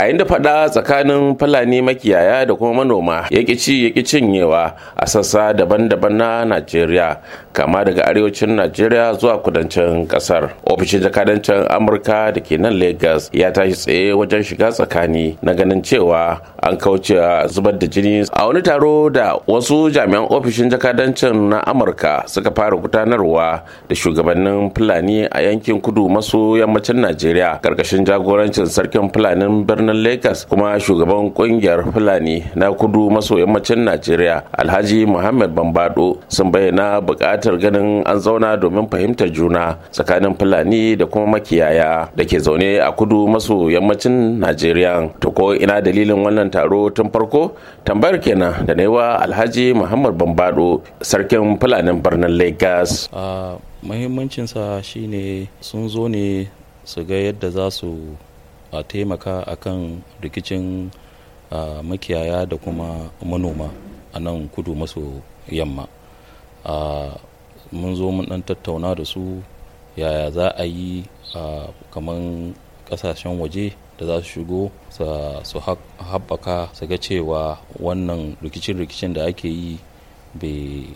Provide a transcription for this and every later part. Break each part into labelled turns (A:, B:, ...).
A: a inda fada tsakanin fulani makiyaya da kuma manoma ya ci ya cinyewa a sassa daban-daban na najeriya kama daga arewacin najeriya zuwa kudancin kasar ofishin jakadancin amurka da ke nan lagos ya tashi tsaye wajen shiga tsakani na ganin cewa an kauce zubar da jini a wani taro da wasu jami'an ofishin jakadancin na amurka suka fara gudanarwa da shugabannin fulani a yankin kudu maso yammacin najeriya karkashin jagorancin sarkin fulanin birnin birnin lakers kuma shugaban kungiyar fulani na kudu maso yammacin najeriya alhaji muhammad bambado sun bayyana buƙatar ganin an zauna domin fahimtar juna tsakanin fulani da kuma makiyaya da ke zaune a kudu maso yammacin najeriya to ko ina dalilin wannan taro tun farko tambayar kenan da naiwa alhaji muhammad bambado sarkin fulanin birnin lagos
B: ah, muhimmancinsa shine sun zo ne su ga yadda za su a taimaka a kan rikicin makiyaya da kuma manoma a nan kudu maso yamma mun zo mun dan tattauna da su yaya za a yi kamar kasashen waje da za su shigo su haɓaka su ga cewa wannan rikicin-rikicin da ake yi bai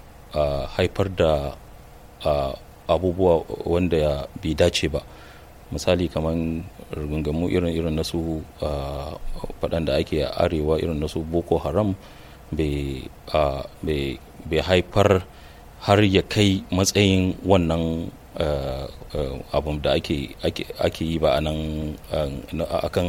B: haifar da abubuwa wanda bai dace ba misali kamar rigungamu irin irin na su faɗan da ake a arewa irin na su boko haram bai haifar har ya kai matsayin wannan Eh, eh, abun da ake yi ba a nan eh, akan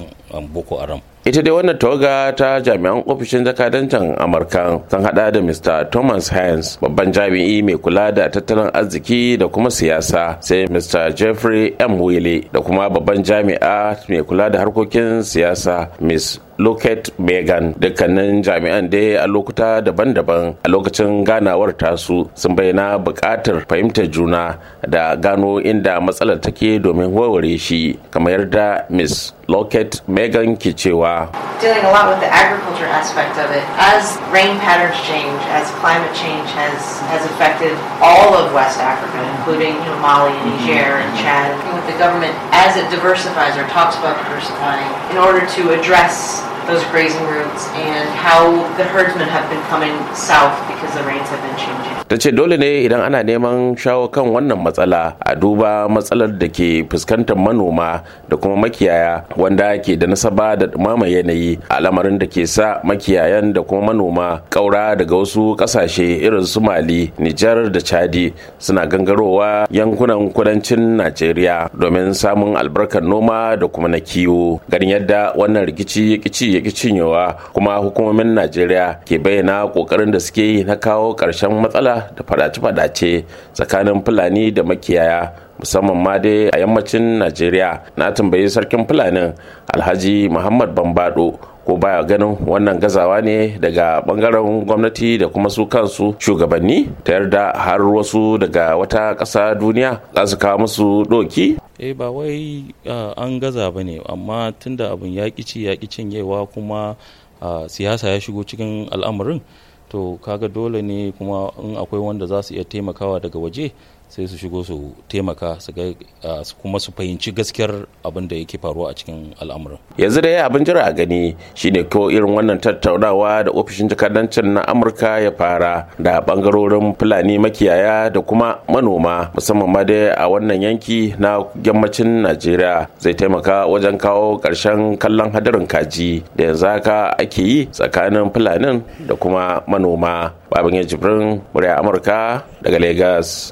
B: boko haram
A: ita dai wannan toga ta jami'an ofishin jakadancin amurka sun hada da mr thomas hines babban jami'i mai kula da tattalin arziki da kuma siyasa sai mr jeffrey m wheeler da kuma babban jami'a mai kula da harkokin siyasa miss Loket Megan dukkanin jami'an dai a lokuta daban-daban a lokacin ganawar tasu sun bayyana buƙatar fahimtar juna da gano inda matsalar take domin warware shi kamar yadda Miss Lockett Megan dealing
B: a lot with the agriculture aspect of it as rain patterns change as climate change has has affected all of West Africa including you know, Mali and Niger and mm-hmm. Chad with the government as it diversifies or talks about diversifying in order to address those grazing routes and how the herdsmen have been coming south because the rains have
A: been changing. Ta ce dole ne idan ana neman shawo kan wannan matsala a duba matsalar da ke fuskantar manoma da kuma makiyaya wanda ke da nasaba da dumama yanayi a lamarin da ke sa makiyayan da kuma manoma kaura daga wasu kasashe irin su Mali, Nijar da Chadi suna gangarowa yankunan kudancin Najeriya domin samun albarkar noma da kuma na kiwo. Ganin yadda wannan rikici ya ki cinyewa kuma hukumomin najeriya ke bayyana kokarin da suke yi na kawo ƙarshen matsala da fadace-fadace tsakanin fulani da makiyaya musamman ma dai a yammacin najeriya na tambayi sarkin fulanin alhaji muhammad bambado ko baya ganin wannan gazawa ne daga bangaren gwamnati da kuma su kansu shugabanni ta yarda har wasu daga wata ƙasa duniya za su kawo musu doki
B: eh ba wai ah, an gaza ba ne amma tunda abin ya ci ya cinyewa kuma ah, siyasa ya shigo cikin al'amarin to kaga dole ne kuma in akwai wanda za su iya taimakawa daga waje sai su shigo su taimaka su kuma su fahimci gaskiyar abin da yake faruwa a cikin al'amuran
A: yanzu da ya abin jira a gani shine ko irin wannan tattaunawa da ofishin jakadancin na amurka ya fara da bangarorin fulani makiyaya da kuma manoma musamman ma dai a wannan yanki na yammacin najeriya zai taimaka wajen kawo karshen kallon hadarin kaji da yanzu haka ake yi tsakanin fulanin da kuma manoma babin jibrin murya amurka daga lagos